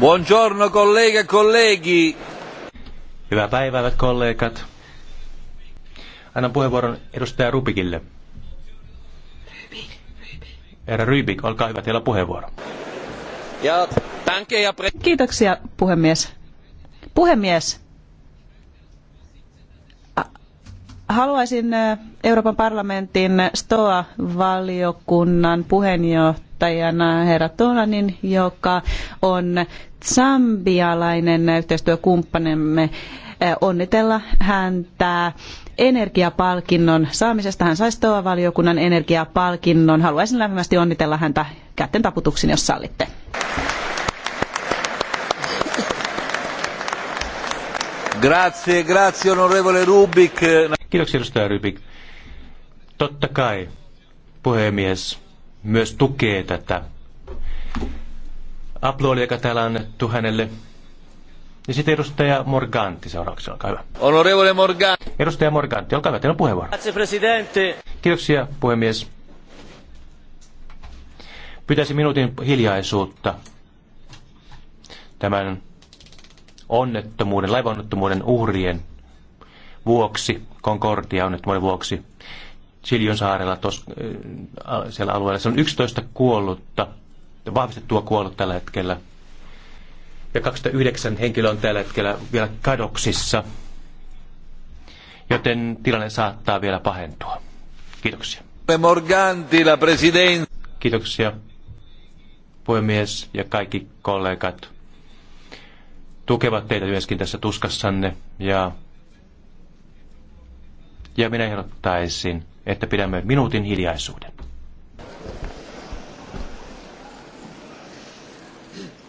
Buongiorno kollega e colleghi. Hyvää päivää, hyvät kollegat. Annan puheenvuoron edustaja Rubikille. Herra Rybik, olkaa hyvä, teillä on puheenvuoro. Kiitoksia, puhemies. Puhemies, haluaisin Euroopan parlamentin STOA-valiokunnan puheenjohtajan puheenjohtajana herra Tolanin, joka on sambialainen yhteistyökumppanimme. Äh, onnitella häntä energiapalkinnon saamisesta. Hän sai STOA-valiokunnan energiapalkinnon. Haluaisin lämpimästi onnitella häntä kätten taputuksin, jos sallitte. Grazie, grazie onorevole Rubik. Kiitoksia edustaja Rubik. Totta kai, puhemies, myös tukee tätä. Aplodi, joka täällä annettu hänelle. Ja sitten edustaja Morganti seuraavaksi, olkaa hyvä. Onorevole Morganti. Edustaja Morganti, olkaa hyvä, teillä on puheenvuoro. Kiitoksia, puhemies. Pitäisi minuutin hiljaisuutta tämän onnettomuuden, laivaonnettomuuden uhrien vuoksi, Concordia onnettomuuden vuoksi. Chilion saarella tos, siellä alueella. Se on 11 kuollutta, vahvistettua kuollut tällä hetkellä. Ja 209 henkilö on tällä hetkellä vielä kadoksissa, joten tilanne saattaa vielä pahentua. Kiitoksia. Morganti, la Kiitoksia, puhemies ja kaikki kollegat tukevat teitä myöskin tässä tuskassanne ja ja minä ehdottaisin, että pidämme minuutin hiljaisuuden.